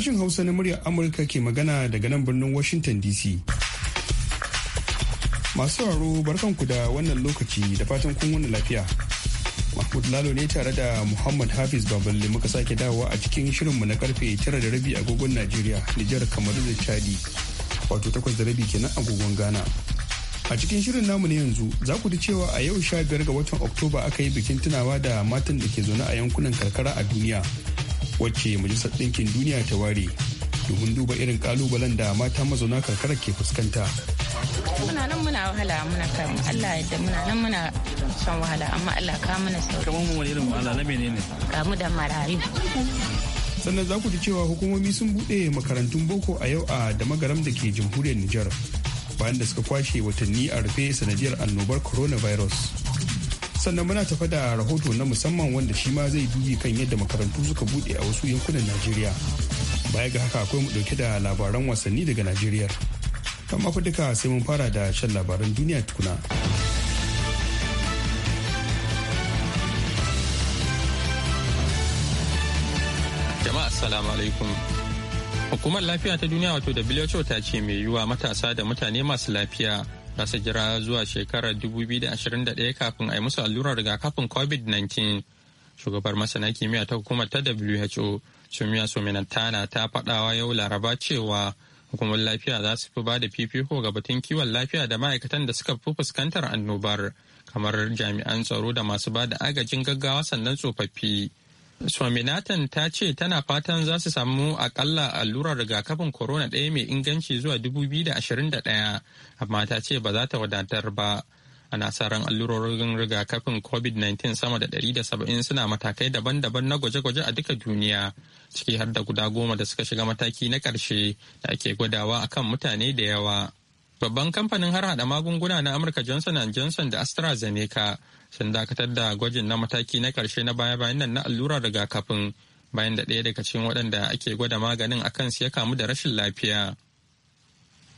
Sashin Hausa na muryar Amurka ke magana daga nan birnin Washington DC. Masu sauraro barkanku da wannan lokaci da fatan kun wani lafiya. Mahmud Lalo ne tare da Muhammad Hafiz Baballe muka sake dawowa a cikin shirinmu na karfe tara da rabi agogon Najeriya, Nijar, Kamaru da Chadi. Wato takwas da rabi kenan agogon Ghana. A cikin shirin namu na yanzu za ku ji cewa a yau sha biyar ga watan Oktoba aka yi bikin tunawa da matan da ke zaune a yankunan karkara a duniya wacce majalisar ɗinkin duniya ta ware domin duba irin kalubalen da mata mazauna karkara ke fuskanta. Muna nan muna wahala muna kan Allah ya muna nan muna shan wahala amma Allah ka mana sauri. Kamar mu wani irin wahala na menene? Kamu da marari. Sannan za ku ji cewa hukumomi sun buɗe makarantun boko a yau a damagaram da ke jamhuriyar Nijar bayan da suka kwashe watanni a rufe sanadiyar annobar coronavirus. sannan muna tafa da rahoto na musamman wanda shi ma zai dubi kan yadda makarantu suka bude a wasu yankunan najeriya baya ga haka akwai mu dauke da labaran wasanni daga najeriya kan mafi duka sai mun fara da shan labaran duniya tukuna jama'a assalamu hukumar lafiya ta duniya wato who ta ce mai yiwuwa matasa da mutane masu lafiya kasa jira zuwa shekarar 2021 kafin a yi musu allurar rigakafin covid-19 shugabar masana kimiyya ta hukumar ta who sumiya suminantana ta faɗawa yau laraba cewa hukumar lafiya za su fi ba da fifiko ga batun kiwon lafiya da ma'aikatan da suka fi fuskantar annobar kamar jami'an tsaro da masu ba da agajin gaggawa sannan tsofaffi Swaminathan ta ce tana fatan za su samu akalla allurar rigakafin corona ɗaya mai inganci zuwa 2021 amma ta ce ba za ta wadatar ba. Ana sa ran allurorin rigakafin COVID-19 sama da 170 suna matakai daban-daban na gwaje-gwaje a duka duniya, ciki har da guda goma da suka shiga mataki na ƙarshe da ake gwadawa akan mutane da yawa. Babban kamfanin har hada magunguna na Amurka Johnson Johnson da AstraZeneca sun dakatar da gwajin na mataki na karshe na baya-bayan nan na allurar rigakafin bayan da ɗaya daga cikin waɗanda ake gwada maganin akan su ya kamu da rashin lafiya.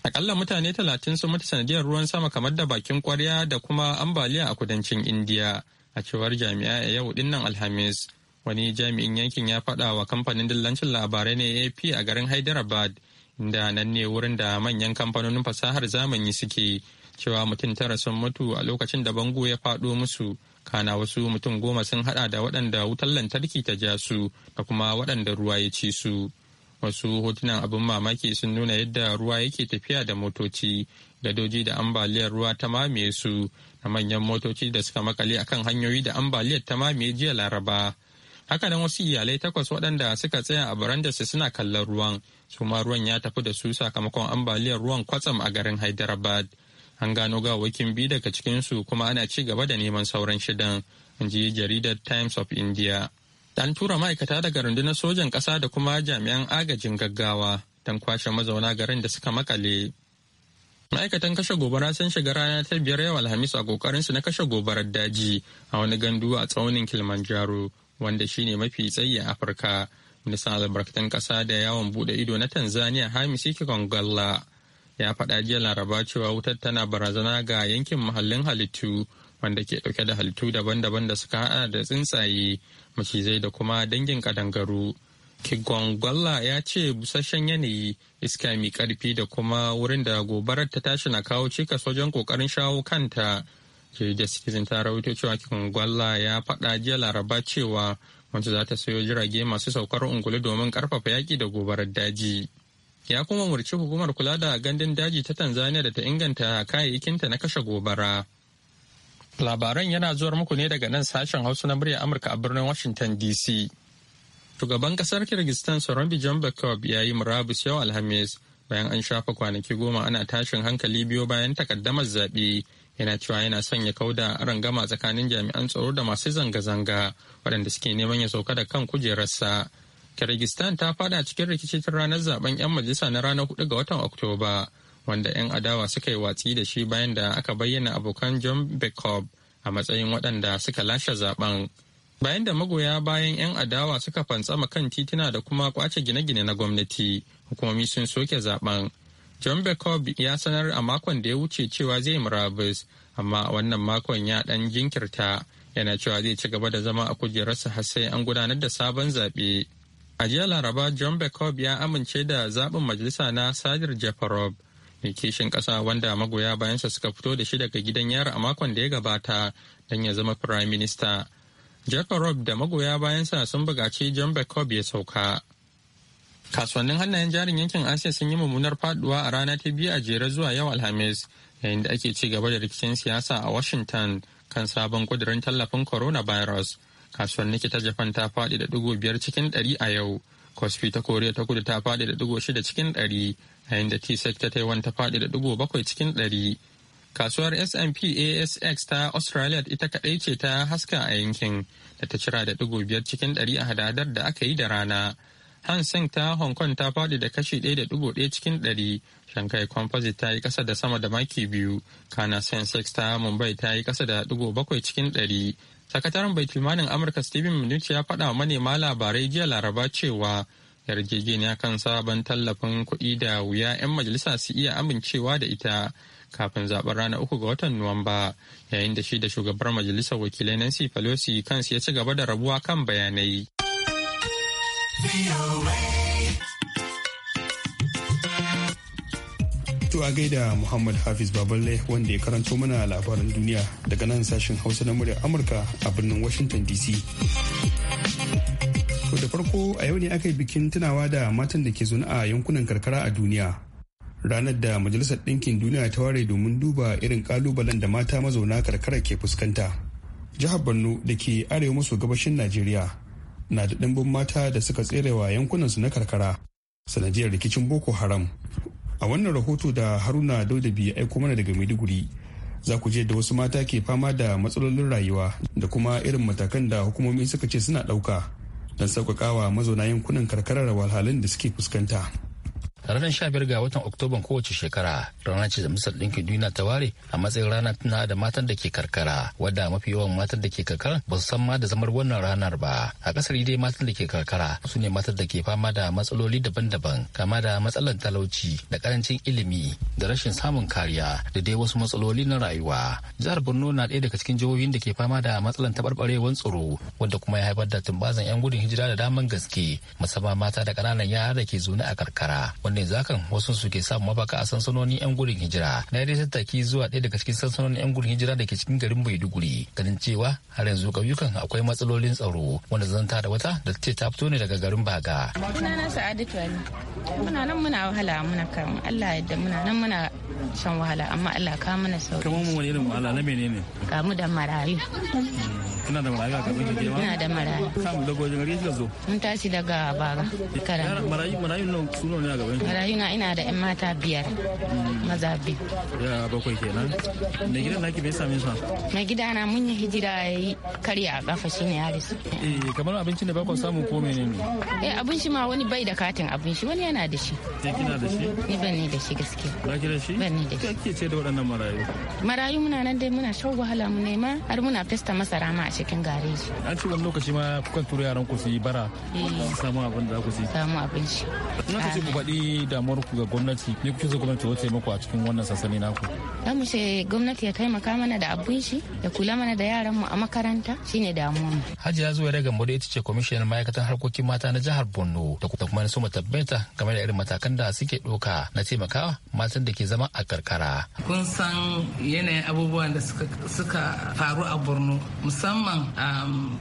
Akalla mutane talatin sun mutu sanadiyar ruwan sama kamar da bakin kwarya da kuma ambaliya a kudancin Indiya a cewar jami'a a yau dinnan Alhamis. Wani jami'in yankin ya faɗa wa kamfanin dillancin labarai na AP a garin Hyderabad inda nan ne wurin da manyan kamfanonin fasahar zamani suke cewa mutum tara sun mutu a lokacin da bango ya faɗo musu kana wasu mutum goma sun hada da waɗanda wutar lantarki ta ja su da kuma waɗanda ruwa ya ci su wasu hotunan abin mamaki sun nuna yadda ruwa yake tafiya da motoci gadoji da ambaliyar ruwa ta mamaye su da manyan motoci da suka makale akan hanyoyi da ambaliyar ta mamaye jiya laraba Haka nan wasu iyalai takwas waɗanda suka tsaya a su suna kallon ruwan su ma ruwan ya tafi da su sakamakon ambaliyar ruwan kwatsam a garin hyderabad an gano gawakin biyu daga cikinsu kuma ana ci gaba da neman sauran shidan in ji jaridar times of india an tura ma'aikata daga rundunar sojan ƙasa da kuma jami'an agajin gaggawa don kwashe mazauna garin da suka makale ma'aikatan kashe gobara sun shiga rana ta biyar yau alhamis a kokarin su na kashe gobarar daji a wani gandu a tsaunin kilimanjaro wanda shine mafi tsayi a afirka ministan albarkatun ƙasa da yawon bude ido na tanzania hamisi kikongalla ya faɗa jiya laraba cewa wutar tana barazana ga yankin muhallin halittu wanda ke ɗauke da halittu daban-daban da suka haɗa da tsuntsaye macizai da kuma dangin kadangaru kigongwalla ya ce busasshen yanayi iska mai ƙarfi da kuma wurin da gobarar ta tashi na kawo cikas wajen kokarin shawo kanta jirgin citizen ta rawaito cewa kigongwalla ya faɗa jiya laraba cewa wanda za ta sayo jirage masu saukar ungulu domin karfafa yaki da gobarar daji. ya kuma murci hukumar kula da gandun daji ta Tanzania da ta inganta kayayyakinta na kashe gobara. Labaran yana zuwar muku ne daga nan sashen Hausa na murya Amurka a birnin Washington DC. Shugaban kasar Kirgistan Soronbi Jonbekov ya yi murabus yau Alhamis bayan an shafa kwanaki goma ana tashin hankali biyu bayan takaddamar zaɓe yana cewa yana son ya kauda rangama tsakanin jami'an tsaro da masu zanga-zanga waɗanda suke neman ya sauka da kan kujerarsa. kirgistan ta fada cikin rikici tun ranar zaben 'yan majalisa na ranar 4 ga watan oktoba wanda 'yan adawa suka yi watsi da shi bayan da aka bayyana abokan john bekov a matsayin waɗanda suka lashe zaben bayan da magoya bayan 'yan adawa suka fantsama kan tituna da kuma kwace gine-gine na gwamnati hukumomi sun soke zaben john bekov ya sanar a makon da ya wuce cewa zai murabus amma wannan makon ya ɗan jinkirta yana cewa zai ci gaba da zama a kujerarsa har sai an gudanar da sabon zaɓe. A jiya Laraba, John Bekob ya amince da zaɓin majalisa na Sadir Jafarov, mai kishin ƙasa wanda magoya bayansa suka fito da shi daga gidan yara a makon da ya gabata don ya zama Firayim Minista. Jafarov da magoya bayansa sun bugaci John Bekob ya sauka. Kasuwannin hannayen jarin yankin Asiya sun yi mummunar faduwa a rana ta biyu a jere zuwa yau Alhamis, yayin da ake ci gaba da rikicin siyasa a Washington kan sabon kudirin tallafin coronavirus. virus. kasuwar niki ta japan ta faɗi da digo biyar cikin ɗari a yau kospi ta koriya ta kudu ta faɗi da digo shida cikin ɗari yayin da tsec ta taiwan ta faɗi da digo bakwai cikin ɗari kasuwar S&P ASX ta Australia ita kaɗai ce ta haska a yankin da ta cira da ɗigo biyar cikin ɗari a hadadar da aka yi da rana. Hang Seng ta Hong Kong ta faɗi da kashi ɗaya da ɗigo ɗaya cikin ɗari. Shanghai Composite ta yi ƙasa da sama da maki biyu. Kana Sensex ta Mumbai ta yi ƙasa da ɗigo bakwai cikin ɗari. sakataren baitulmanin amurka steven mnuchin ya faɗa wa manema labarai jiya laraba cewa yarjejeniya kan sabon tallafin kuɗi da wuya 'yan majalisa su iya amincewa da ita kafin zaben ranar uku ga watan nuwamba yayin da shi da shugabar majalisar wakilai nancy pelosi kansu ya ci gaba da rabuwa kan bayanai. To a gaida Muhammad Hafiz Baballe wanda ya karanto mana labaran duniya daga nan sashen Hausa na muryar Amurka a birnin Washington DC. To da farko a yau ne aka yi bikin tunawa da matan da ke zuna a yankunan karkara a duniya. Ranar da Majalisar Ɗinkin Duniya ta ware domin duba irin kalubalen da mata mazauna karkara ke fuskanta. Jihar Borno da ke arewa maso gabashin Najeriya na da ɗimbin mata da suka tserewa yankunansu na karkara sanadiyar rikicin Boko Haram a wannan rahoto da haruna daudabi ya aiko mana daga maiduguri za ku je da wasu mata ke fama da matsalolin rayuwa da kuma irin matakan da hukumomi suka ce suna ɗauka don sauƙaƙawa mazauna yankunan karkarar walhalin da suke fuskanta ranar sha biyar ga watan oktoban kowace shekara ranar ce da misal ɗinkin duniya ta ware a matsayin rana tana da matan da ke karkara wadda mafi yawan matan da ke karkara ba su san ma da zamar wannan ranar ba a kasar dai matan da ke karkara su ne matan da ke fama da matsaloli daban-daban kama da matsalar talauci da karancin ilimi da rashin samun kariya da dai wasu matsaloli na rayuwa jihar borno na ɗaya daga cikin jihohin da ke fama da matsalar taɓarɓarewar tsaro wadda kuma ya haifar da tumbazan 'yan gudun hijira da daman gaske musamman mata da ƙananan yara da ke zaune a karkara wanda zakan hakan wasu su ke samun mafaka a sansanonin 'yan gudun hijira na yadda tattaki zuwa ɗaya daga cikin sansanonin 'yan gudun hijira da ke cikin garin maiduguri ganin cewa har yanzu ƙauyukan akwai matsalolin tsaro wanda ta da wata da ce ta fito ne daga garin baga. sunana sa'adatu ali muna nan muna wahala muna kan allah yadda muna nan muna shan wahala amma allah ka mana sauki. kamar mu wani irin wahala na menene. kamu da marayu. Kuna da marayu a kafin da kewa? Ina da marayu. Kam daga wajen gari zo? Mun tashi daga Baga. Marayu marayu nan su ne a gaban a rayuna ina da 'yan mata biyar maza biyu ya bakwai kenan me gidan naki bai sami su mai gida na mun yi hijira ya yi karya a kafa shi ne rasu eh kamar abincin da bakon samu ko ne. eh abin shi ma wani bai da katin abin shi wani yana da shi ke kina da shi ni ban ne da shi gaske ba ki da shi ban ne da shi kike ce da waɗannan marayu marayu muna nan dai muna shan wahala mu ma har muna festa masara ma a cikin gareji an ce wani lokaci ma kukan tura yaran ku su yi bara eh. samu abin da za ku su samu abin shi na ce ku faɗi damuwar ku ga gwamnati me kuke so gwamnati ta taimako a cikin wannan sansani naku za mu gwamnati ya taimaka mana da abun shi ya kula mana da yaran mu a makaranta shine damuwa mu hajiya zuwa daga gambo ita ce kwamishinan ma'aikatan harkokin mata na jihar borno da kuma su tabbata game da irin matakan da suke doka na taimakawa matan da ke zama a karkara kun san yanayin abubuwan da suka faru a borno musamman um,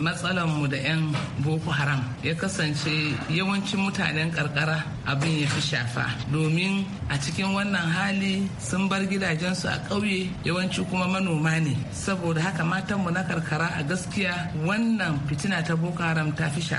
mu da 'yan boko haram ya kasance yawancin mutanen karkara a abin ya fi shafa domin a cikin wannan hali sun bar gidajensu a ƙauye yawanci kuma manoma ne saboda haka matanmu na karkara a gaskiya wannan fitina ta boko haram ta fi su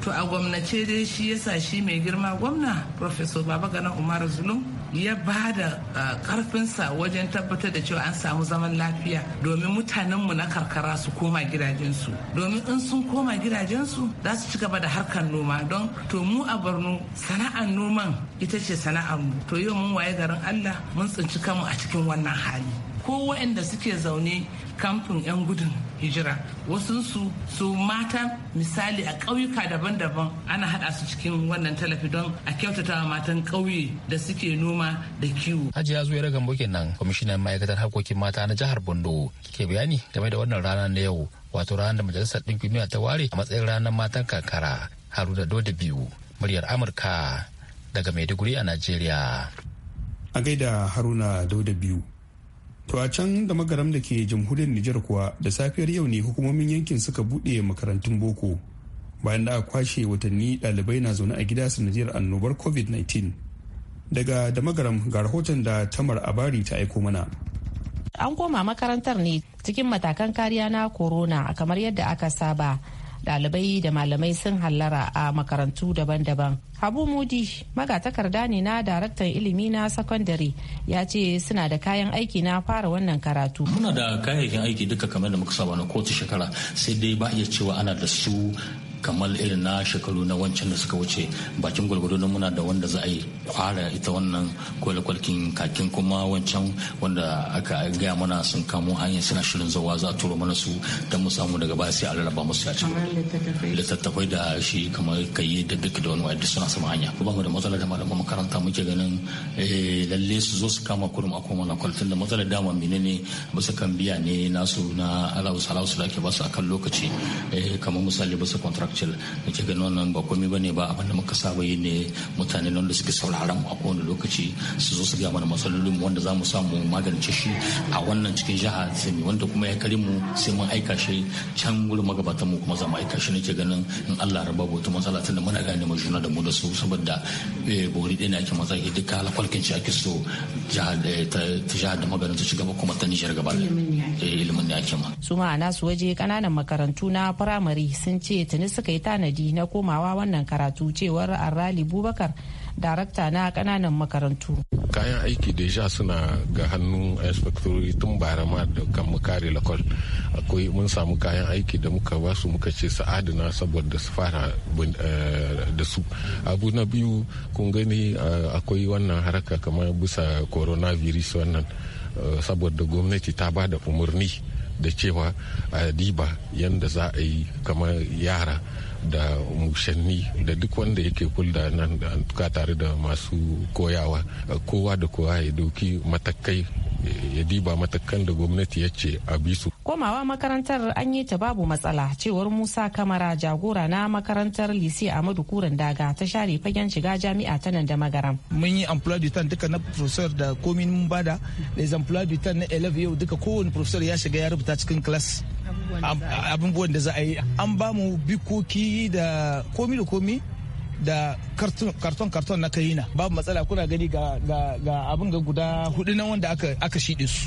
to a gwamnace dai shi yasa shi mai girma gwamna professor baba gana umar zulum ya ba da karfinsa ah, wajen tabbatar da cewa an samu zaman lafiya domin mutanenmu na karkara su koma gidajensu domin in sun koma gidajensu za su ci gaba da harkar noma don to mu a borno sana'ar noman ita ce sana'ar mu to yau mun waye garin allah mun tsinci kanmu a cikin wannan hali ko waɗanda suke zaune kamfin 'yan gudun hijira wasu su mata misali a ƙauyuka daban-daban ana haɗa su cikin wannan tallafi don a kyautata matan ƙauye da suke noma da kiwo. Hajiya zuwa ragan bukin nan kwamishinan ma'aikatar harkokin mata na jihar Bondo ke bayani game da wannan ranar na yau wato ranar da majalisar ɗinkin duniya ta ware a matsayin ranar matan kankara Haruna Dodi biyu muryar Amurka daga Maiduguri a Najeriya. A gaida Haruna Dauda biyu. To a can da magaram da ke jamhuriyar Nijar kuwa da safiyar yau ne hukumomin yankin suka buɗe makarantun boko bayan da aka kwashe watanni ɗalibai na zaune a gida sanadiyar annobar covid-19. Daga da magaram ga rahoton da Tamar Abari ta aiko mana. An koma makarantar ne cikin matakan kariya na corona kamar yadda aka saba. Dalibai da malamai sun hallara a makarantu daban-daban habu mudi magatakarda ne na daraktan ilimi na sakandare ya ce suna da kayan aiki na fara wannan karatu muna da kayayyakin aiki duka kamar da muka saba na kowace shekara sai dai ba iya cewa ana da su kamar irin na shekaru na wancan da suka wuce bakin gwalgwado na muna da wanda za a yi fara ita wannan kwalkwalkin kakin kuma wancan wanda aka gaya mana sun kamo hanyar suna shirin zawa za a turo mana su don mu samu daga baya sai a rarraba musu ya littattafai da shi kamar kayi da duk da wani wadda suna sama hanya ba mu da matsalar da malaman makaranta muke ganin eh, lalle su zo su kama kurum a koma na kwalitin da matsalar dama menene su kan biya ne nasu na alawus alawus da ake basu akan lokaci eh, kamar misali su contract lokacin na ce ganin wannan ba komai bane ba abin da muka saba yi ne mutane nan da suke sauraron mu a kowane lokaci su zo su ga mana matsalolin wanda za mu samu magance shi a wannan cikin jiha sai wanda kuma ya kare mu sai mun aika shi can wurin magabatan mu kuma za mu aika shi ne ke ganin in Allah raba bautu matsala tunda muna gane mu juna da mu da su saboda eh, bori ɗaya ne ake matsa ke duka alkwalkin shi ake so eh, ta jihar da maganin ta gaba kuma ta Nijar gaba eh, ilimin ne ake ma. su ma a nasu waje ƙananan makarantu na firamare sun ce tuni suka yi tanadi na komawa wannan karatu cewar rali bubakar darakta na kananan makarantu kayan aiki deja suna ga hannun inspectori tun bara ma da kan mu kare lakol akwai mun samu kayan aiki da muka ba su muka ce sa'adina saboda su fara eh, da su abu na biyu kun gani eh, akwai wannan haraka kamar bisa coronavirus wannan eh, saboda gwamnati ta ba da umarni da cewa a diba yadda za a yi kamar yara da mushanni da duk wanda yake kulda nan da tare da masu koyawa kowa da kowa ya doki matakai ya diba matakan da gwamnati ya ce a bisu komawa makarantar an yi ta babu matsala cewar musa kamara jagora na makarantar lise amadu kuren daga ta share fagen shiga jami'a ta nan da magaram mun yi emploi du temps duka na professeur da komin mun bada les emploi du temps na élève yau duka kowane professeur ya shiga ya rubuta cikin class abubuwan da za a yi an ba mu bikoki da komi da komi da karton karton na kayina babu matsala kuna gani ga abin ga guda hudu na wanda aka shiɗe su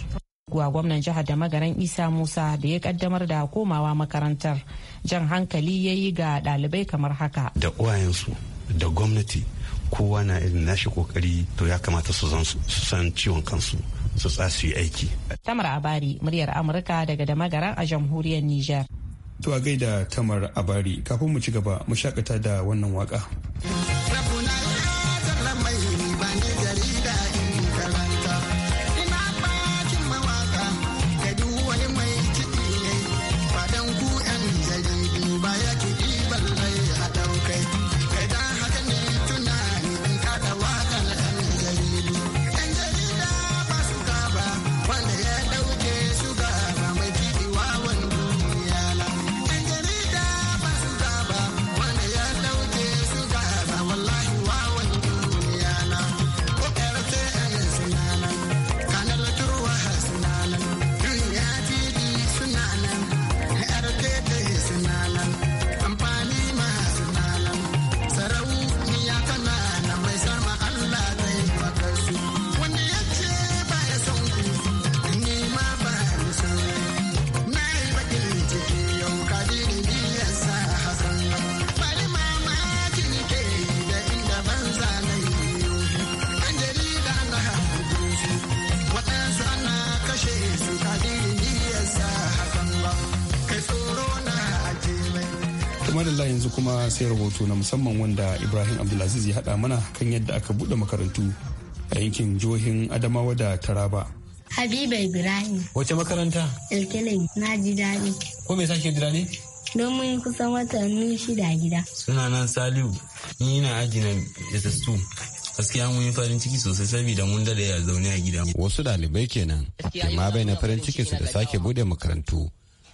wa gwamnan jihar da magaran isa musa da ya kaddamar da komawa makarantar jan hankali ya yi ga dalibai kamar haka da uwayensu da gwamnati kowa na irin nashi kokari to ya kamata su san ciwon kansu su su yi aiki tamar abari muryar amurka daga da magaran a jamhuriyar niger to a gaida tamar abari kafin mu ci gaba mu shakata da wannan waka. kuma sai rahoto na musamman wanda ibrahim abdulaziz ya haɗa mana kan yadda aka bude makarantu a yankin jihohin adamawa da taraba habiba ibrahim wace makaranta ilkilin na ji daɗi ko me sake jira ne domin kusan watanni shida gida suna nan saliu ni na aji na ss2 gaskiya mun yi farin ciki sosai saboda mun dade ya zaune a gida wasu ɗalibai kenan amma bai na farin ciki su da sake bude makarantu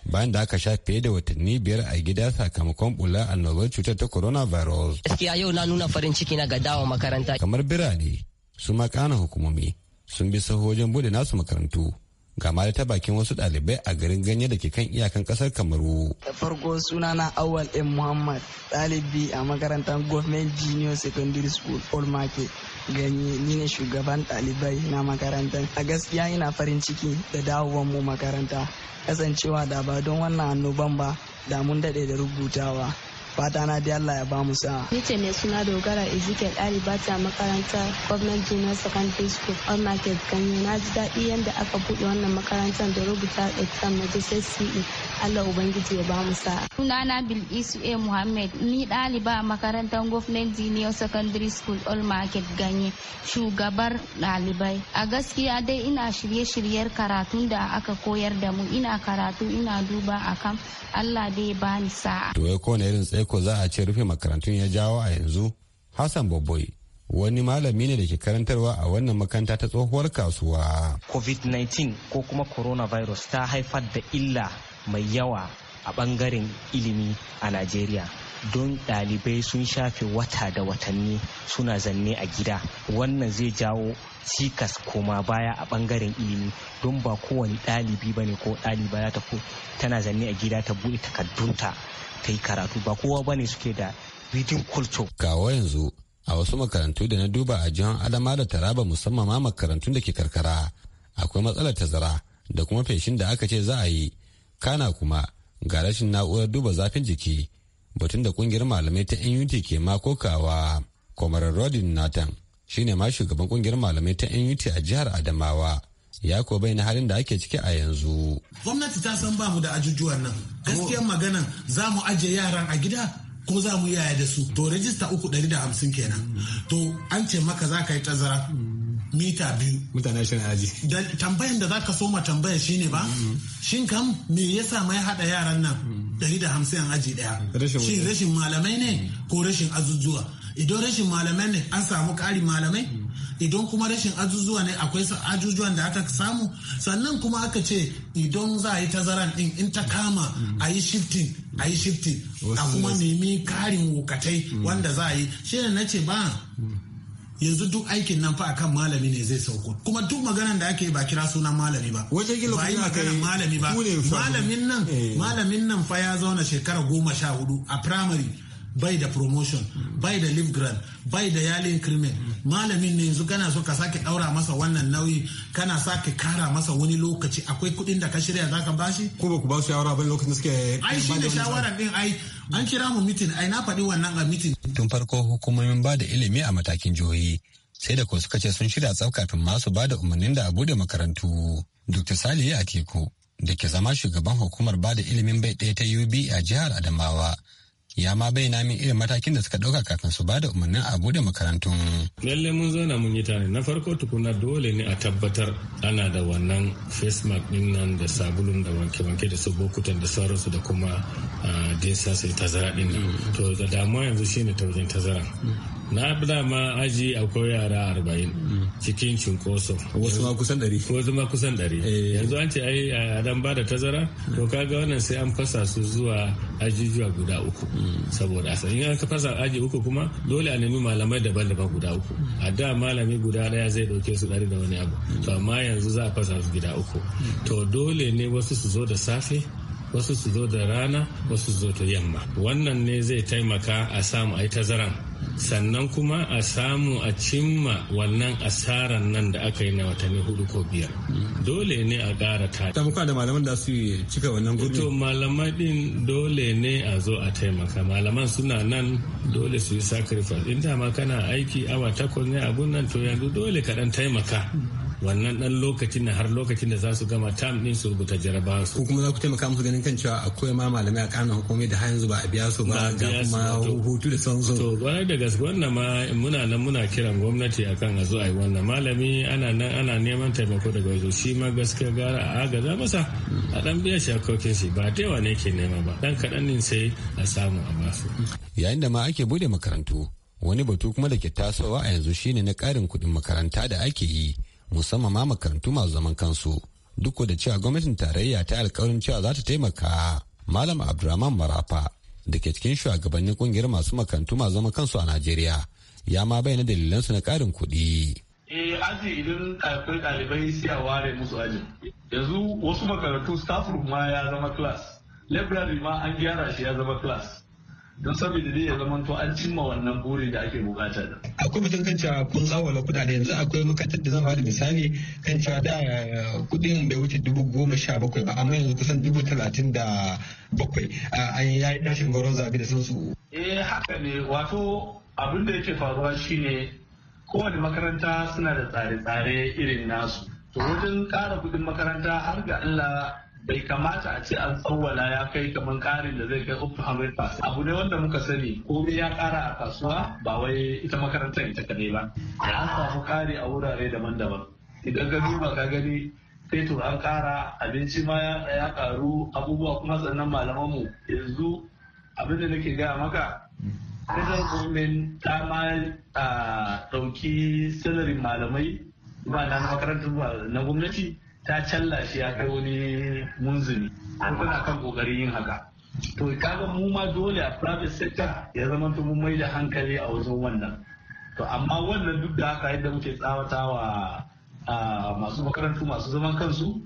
bayan da aka sha fiye da watanni biyar a gida sakamakon bula annobar cutar ta coronavirus. Gaskiya yau na nuna farin ciki na ga dawa makaranta. Kamar birane su ma kana hukumomi sun bi saho wajen bude nasu makarantu. gama da ta bakin wasu ɗalibai a garin ganye da ke kan iyakan ƙasar kamaru. da farko suna na awal m muhammad ɗalibi a makarantar government junior secondary school all market ganye ni ne shugaban ɗalibai na makarantar a gaskiya ina farin ciki da dawowar mu makaranta kasancewa da ba don wannan annoban ba da mun daɗe da rubutawa fata na dai Allah ya ba mu sa'a ni ce mai suna dogara Ezekiel ɗaliba ta makarantar Government Junior Secondary School on Market ganye na ji daɗi yadda aka buɗe wannan makarantar da rubuta exam na JSCE Allah ubangiji ya ba mu sa'a sunana Bilkisu A Muhammad ni ɗaliba a makarantar Government Junior Secondary School All Market Ganye shugabar ɗalibai a gaskiya dai ina shirye-shiryen karatun da aka koyar da mu ina karatu ina duba akan Allah dai bani sa'a to ya kone irin tsaye kai ko za a ce rufe makarantun ya jawo a yanzu hassan bobo'i wani malami ne da ke karantarwa a wannan makanta ta tsohuwar kasuwa covid-19 ko kuma coronavirus ta haifar da illa mai yawa a bangaren ilimi a najeriya don ɗalibai sun shafe wata da watanni suna zanne a gida wannan zai jawo cikas koma baya a bangaren ilimi don ba kowane ɗalibi ba ne ko ɗaliba ta tana zanne a gida ta buɗe takaddunta. ta yi karatu ba kowa ba ne suke da reading culture. Kawo yanzu a wasu makarantu da na duba a jihar Adama da Taraba musamman ma makarantun da ke karkara akwai matsalar tazara da kuma feshin da aka ce za a yi kana kuma ga rashin na'urar duba zafin jiki batun da kungiyar malamai ta NUT ke makokawa. Kwamarar Rodin Nathan shine ma shugaban kungiyar malamai ta NUT a jihar Adamawa. ya ko bai na halin da ake ciki a yanzu. Gwamnati ta san ba mu da ajujuwan nan. Gaskiyar magana za mu ajiye yaran a gida ko za mu yaya da su. To rajista uku ɗari da hamsin kenan. To an ce maka za ka yi tazara. mita biyu. Mutane shirin aji. tambayan da za ka so ma tambaya shine ba? Mm-hmm. Shin kam me yasa mai haɗa yaran nan? Dari mm-hmm. da hamsin aji ɗaya. Shin rashin malamai ne ko rashin azuzuwa? idan rashin malamai ne an samu ƙarin malamai idan kuma rashin ajujuwa ne akwai ajujuwan da aka samu sannan kuma aka ce idan za a yi tazaran din in ta kama a yi shifting a yi shifting a kuma nemi karin wukatai mm. wanda za a yi shi ne na ce ba yanzu duk aikin nan fa akan malami ne zai sauko kuma duk maganan da ake ba kira sunan malami ba wajen gila ba yi maganan malami ba malamin nan eh. malamin nan fa ya zauna shekara goma sha hudu a primary bai da promotion bai da leave grant bai da yali increment malamin ne yanzu kana so ka sake daura masa wannan nauyi kana sake kara masa wani lokaci akwai kuɗin da ka shirya zaka bashi ko ba ku ba su yawara ba lokacin suke ai shi ne shawaran din ai an kira mu meeting ai na faɗi wannan a meeting. tun farko hukumomin ba da ilimi a matakin jihohi sai da ko suka ce sun shirya tsaf kafin masu ba da umarnin da a bude makarantu dr saliya atiku da ke zama shugaban hukumar ba da ilimin bai ɗaya ta ub a jihar adamawa ya ma bayyana min irin matakin da suka dauka kafin su ba da umarnin a bude makarantun. Lalle mun zauna mun yi tare na farko tukuna dole ne a tabbatar ana da wannan face mask din nan da sabulun da wanke-wanke da su bokutan da sauransu da kuma ah, din sasa tazara din nan. Mm. To da damuwa yanzu shine ta wajen tazara. Mm. na da ma aji akwai yara arba'in cikin cinkoso wasu ma kusan ɗari wasu ma kusan ɗari eh. yanzu an ce ai a dan ba da tazara to kaga wannan sai an fasa su zuwa ajijuwa guda uku saboda asa in an fasa aji uku kuma dole a nemi malamai daban-daban guda uku a da malami guda daya zai dauke su dari da wani abu to amma yanzu za a fasa su gida uku to dole ne wasu su zo da safe wasu su zo da rana wasu su zo da yamma wannan ne zai taimaka a samu ai tazaran sannan kuma a samu a cimma wannan asarar nan da aka yi na watanni hudu ko biyar dole ne a ƙara ta ta muka da malaman da su cika wannan gurbin to malaman din dole ne a zo a taimaka malaman suna nan dole su yi sacrifice inda ma kana aiki awa takwas ne abun nan to yanzu dole ka dan taimaka wannan dan lokacin na har lokacin da za su gama tam din su rubuta jaraba su ko kuma za ku taimaka musu ganin kan cewa akwai ma malamai a kanun hukumomi da har yanzu ba a biya su ba ga kuma hutu da sansu to wani da gaske wannan ma muna nan muna kiran gwamnati akan a zo a yi wannan malami ana nan ana neman taimako daga wajen shi ma gaskiya gara a agaza masa a dan biya shi hakokin shi ba taiwa ne ke nema ba dan kaɗan ne sai a samu a basu yayin da ma ake bude makarantu wani batu kuma da ke tasowa a yanzu shine na ƙarin kuɗin makaranta da ake yi musamman ma makarantu masu zaman kansu duk da cewa gwamnatin tarayya ta alkawarin cewa za ta taimaka malam abdulrahman marafa da ke cikin shugabannin kungiyar masu makarantu masu zaman kansu a najeriya ya ma bayyana dalilansu na karin kuɗi. eh aji idan akwai ɗalibai sai a ware musu aji yanzu wasu makarantu staff ma ya zama class library ma an gyara shi ya zama class don saboda dai ya zama to an cimma wannan burin da ake bukata da. Akwai mutum kan cewa kun tsawala kudade yanzu akwai makatar da zan da misali kan cewa da eh, kudin bai wuce dubu goma sha bakwai ba amma yanzu kusan dubu talatin da bakwai an yi dashin goron zabe da sansu. Eh haka ne wato abin da yake faruwa shine kowane makaranta suna da tsare-tsare irin nasu. To wajen kara kuɗin makaranta har ga Allah bai kamata a ce an tsawwala ya kai kamar karin da zai kai up to Abu ne wanda muka sani komai ya kara a kasuwa ba wai ita makarantar ita kadai ba. An samu kari a wurare daban-daban. Idan ka ba ka gani fetur an kara abinci ma ya karu abubuwa kuma sannan mu. yanzu abin da nake gaya maka federal government ta ma ah, ɗauki salarin malamai ba na makarantar na gwamnati ta challa shi ya kai wani munzumi. Ko tana kan kokarin yin haka to kaga mu ma dole a private sector ya zama mun mai da hankali a wajen wannan to amma wannan duk da haka yadda muke tsawatawa a masu makarantu masu zaman kansu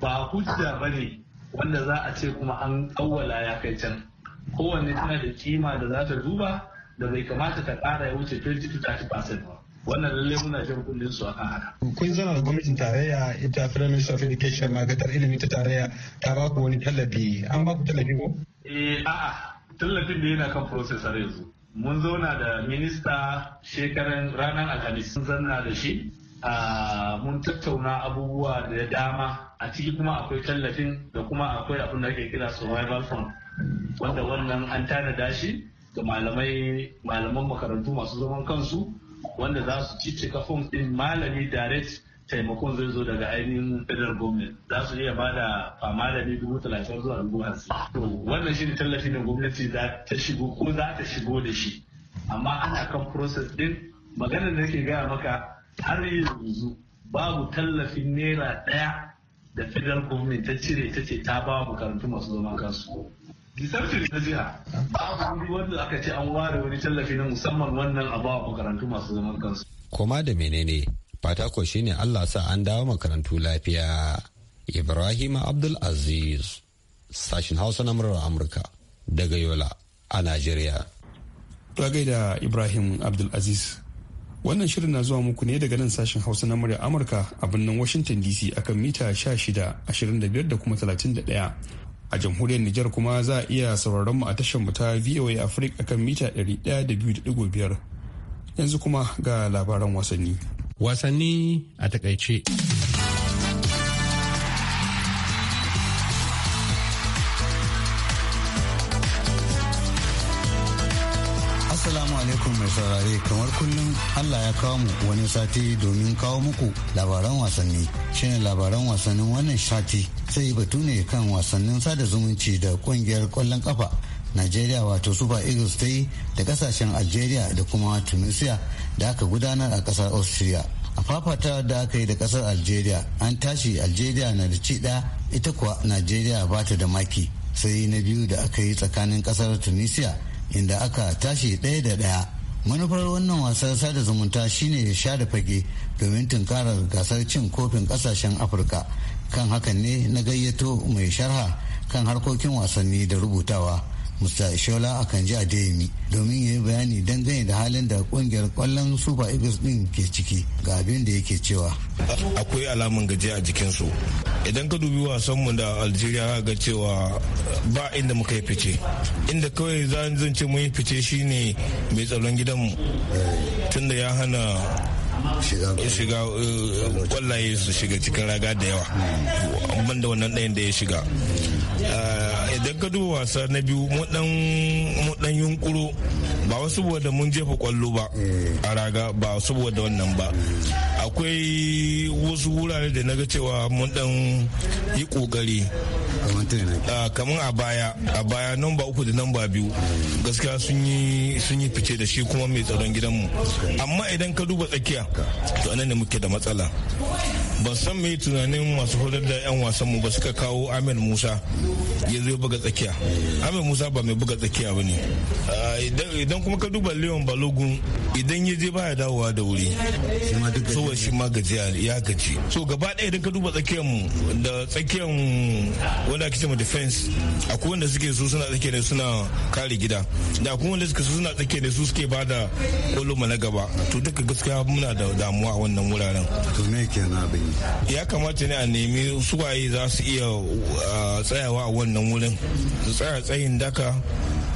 ba hujja ba ne wanda za a ce kuma an awwala ya kai can kowanne tana da kima da za ta duba da bai kamata ta ƙara ya wuce 20 to 30 ba wannan lallai muna jin kundin su akan haka. kun zama da gwamnatin tarayya ita federal minista of education magatar ilimi ta tarayya ta ba ku wani tallafi an ba ku tallafi ko. eh a'a tallafin da yana kan process yanzu mun zauna da minista shekaran ranar alhamis sun zanna da shi ah, mun tattauna abubuwa da dama a ciki kuma akwai tallafin da kuma akwai abin da ake kira survival fund wanda wannan an tana dashi ga malamai malaman makarantu masu zaman kansu wanda za su ci fom din malami direct taimakon zai zo daga ainihin federal government za su iya ba da malami dubu talatin zuwa dubu hamsin to wannan shi ne tallafi da gwamnati za ta shigo ko za ta shigo da shi amma ana kan process din maganar da ke gaya maka har yanzu babu tallafin naira ɗaya da federal government ta cire ta ce ta ba makarantu masu zaman kansu Lissafin na jiya, babu wanda aka ce an ware wani tallafi na musamman wannan abu a makarantu masu zaman kansu. Koma da menene, fata ko shine Allah sa an dawo makarantu lafiya. Ibrahim Abdul Aziz, sashin Hausa na murar Amurka, daga Yola a Najeriya. Ta gaida Ibrahim Abdul Aziz. Wannan shirin na zuwa muku ne daga nan sashen Hausa na murar Amurka a birnin Washington DC akan mita 16, 25 da kuma 31. a jamhuriyar Nijar kuma za a iya sauraron mu a tashar mu ta VOA Africa kan mita 102.5 yanzu kuma ga labaran wasanni wasanni a takaice mai saurare kamar kullum Allah ya kawo mu wani sati domin kawo muku labaran wasanni. shi ne labaran wasannin wannan sati sai batu ne kan wasannin sada zumunci da kungiyar kwallon kafa. Najeriya wato Super Eagles ta yi da kasashen Algeria da kuma Tunisia da aka gudanar a kasar Austria. a fafata da aka yi da kasar algeria an tashi algeria na da ci ɗaya ita kuwa najeriya ba ta da maki sai na biyu da aka yi tsakanin kasar tunisia inda aka tashi ɗaya da ɗaya manufar wannan wasan sada zumunta shine ya sha da fage domin tunkarar gasar cin kofin kasashen afirka kan hakan ne na gayyato mai sharha kan harkokin wasanni da rubutawa Mr. Shola Akanji Adeyemi domin ya yi bayani dangane da halin da kungiyar kwallon Super Eagles din ke ciki ga abin da yake cewa. Akwai alamun gajiya a jikinsu. Idan ka dubi mu da Algeria ga cewa ba inda muka yi fice. Inda kawai za zan ce mun yi fice shine mai tsaron gidanmu. Tunda ya hana shiga eh, kwallaye su shiga cikin raga da yawa. Ban da wannan ɗayan da ya shiga. Eh, dan ka duba wasa na biyu mu dan dan yunkuro ba wasu saboda mun jefa kwallo ba a raga ba saboda wannan ba akwai wasu wurare da naga cewa mun dan yi kokari kamar ah, a baya a baya namba uku da namba biyu gaskiya sun yi fice da shi kuma mai tsaron gidanmu amma idan ka duba tsakiya to anan ne muke da matsala ban san mai tunanin masu horar da 'yan wasan mu ba suka kawo amin musa ya zo buga tsakiya amin musa ba mai buga tsakiya ba ne Eh, idan kuma ka duba leon balogun idan ya je baya dawowa da wuri so shi ma gaji ya gaji so gaba daya idan ka duba tsakiyan da tsakiyan wanda ake cewa defense akwai wanda suke so suna tsake ne suna kare gida da akwai wanda suke so suna tsake ne su suke ba da koloma na gaba to duka gaskiya muna da damuwa a wannan wuraren to me na abin ya kamata ne a nemi suwaye za su iya ah, tsayawa a wannan wurin su tsaya tsayin daka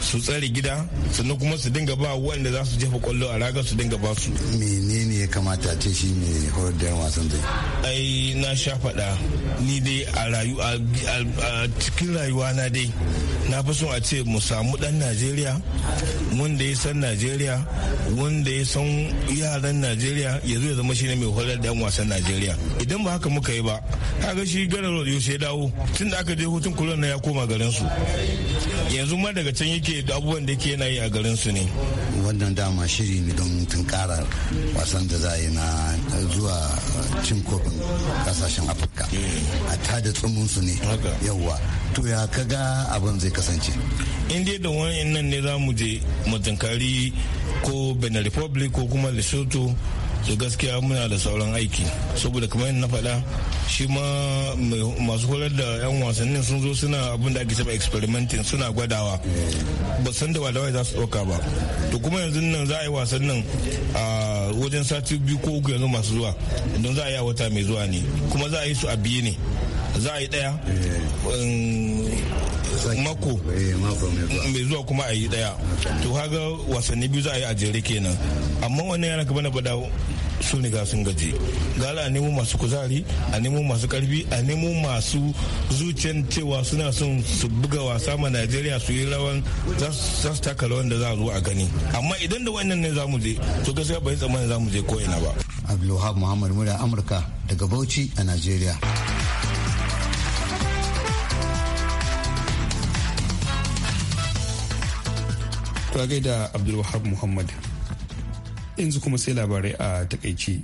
su tsare gida sannan kuma su dinga ba wanda za su jefa kwallo a raga su dinga ba su menene ya kamata ce shi ne horar da wasan zai ai na sha faɗa ni dai a rayu a cikin rayuwa na dai na fi son a ce mu samu dan najeriya wanda ya san najeriya wanda ya san yaran najeriya ya zo ya zama shi ne mai horar da yan wasan najeriya idan ba haka muka yi ba kaga shi ganin ya dawo tun da aka je hutun kulon na ya koma garin su yanzu ma daga can yake yake da abubuwan da ke yi a garin su ne wannan dama shiri ne don tunkara wasan da za yi na zuwa cin kofin kasashen afirka eh. a tada tsumin su ne yawwa to ya kaga abin zai kasance in dai da wani nan ne za mu je mu ko benin republic ko kuma lesotho to gaskiya muna da sauran aiki saboda kamar na faɗa shi ma masu horar da 'yan wasannin sun zo suna abin da ake saba experimenting suna gwadawa ba san da wadawai za su ɗauka ba to kuma yanzu nan za a yi wasannin a wajen sati biyu ko uku yanzu masu zuwa don za a yi wata mai zuwa ne kuma za a yi su a biyu ne za a yi ɗaya um, mako eh, mai zuwa kuma a yi daya to haga wasanni biyu za a yi a jere kenan amma wannan yana gaba na bada su ne ga sun gaji gara a nemo masu kuzari a nemo masu karfi a nemo masu zuciyar cewa suna son su buga wasa ma najeriya su yi rawan za su taka rawan da za a zo a gani amma idan da wannan ne za mu je to gaskiya bai tsammanin za mu je ko ina ba abdulwahab muhammad murya amurka daga bauchi a najeriya To gaida Abdulwahab Muhammad. Yanzu kuma sai labarai a takaici.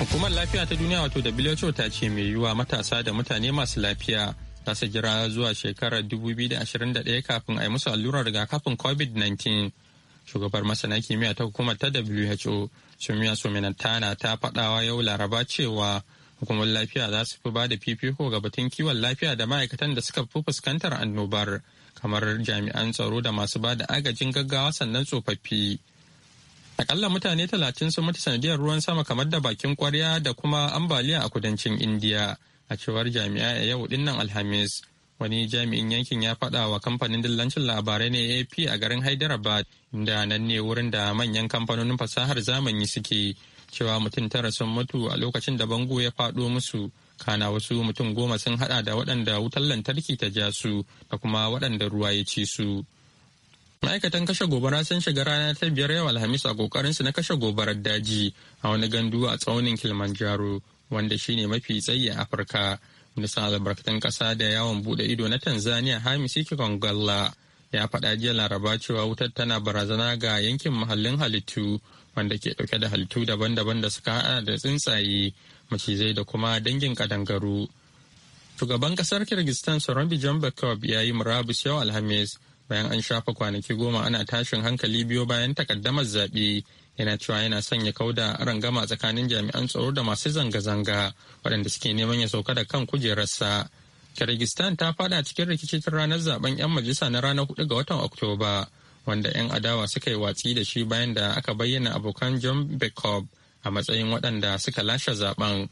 Hukumar lafiya ta duniya wato WHO ta ce mai yiwuwa matasa da mutane masu lafiya ta sa jira zuwa shekarar 2021 kafin a yi musu allurar rigakafin COVID-19. Shugabar masana kimiyya ta hukumar ta WHO Sumiya Suminantana ta faɗawa yau Laraba cewa hukumar lafiya za su fi ba da fifiko ga batun kiwon lafiya da ma'aikatan da suka fi fuskantar annobar kamar jami'an tsaro da masu ba da agajin gaggawa sannan tsofaffi akalla mutane talatin sun mutu sanadiyar ruwan sama kamar da bakin kwarya da kuma ambaliya a kudancin indiya a cewar jami'a a yau dinnan alhamis wani jami'in yankin ya faɗa wa kamfanin dillancin labarai na ap a garin hyderabad inda nan ne wurin da manyan kamfanonin fasahar zamani suke cewa mutum tara sun mutu a lokacin da bango ya faɗo musu kana wasu mutum goma sun hada da waɗanda wutar lantarki ta ja su da kuma waɗanda ruwa ya ci su ma'aikatan kashe gobara sun shiga rana ta biyar yau alhamis a kokarinsu na kashe gobarar daji a wani gandu a tsaunin kilimanjaro wanda shine mafi tsayi a afirka ministan albarkatun ƙasa da yawon buɗe ido na tanzania hamisi kikongalla ya faɗa jiya laraba cewa wutar tana barazana ga yankin muhallin halittu wanda ke dauke da halittu daban-daban da suka hada da tsuntsaye macizai da kuma dangin kadangaru shugaban kasar kirgistan sarambi bijan bakov ya yi murabus yau alhamis bayan an shafa kwanaki goma ana tashin hankali biyu bayan takaddamar zaɓe yana cewa yana sanya kauda rangama tsakanin jami'an tsaro da masu zanga-zanga waɗanda suke neman ya sauka da kan kujerarsa kirgistan ta fada cikin rikici ranar zaben 'yan majalisa na ranar 4 ga watan oktoba wanda 'yan adawa suka yi watsi da shi bayan da aka bayyana abokan john Bekob a matsayin waɗanda suka lashe zaben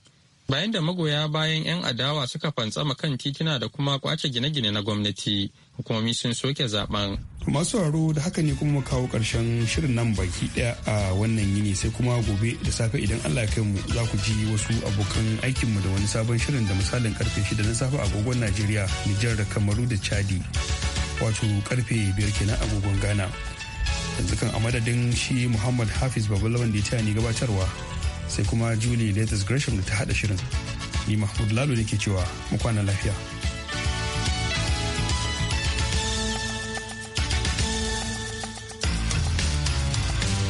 bayan da magoya bayan 'yan adawa suka fantsama kan titina da kuma kwace gine-gine na gwamnati hukumomi sun soke zaben masu haro da haka ne kuma kawo karshen shirin nan baki daya a wannan yini sai kuma gobe da safe idan allah kai mu za ku ji wasu abokan aikinmu da wani sabon shirin da misalin karfe shida na safe a agogon najeriya nijar da kamaru da chadi wato karfe biyar kenan agogon ghana yanzu kan a madadin shi muhammad hafiz babalawan da ya taya ni gabatarwa sai kuma julie latest gresham da ta hada shirin ni mahmud lalo ne ke cewa mu kwana lafiya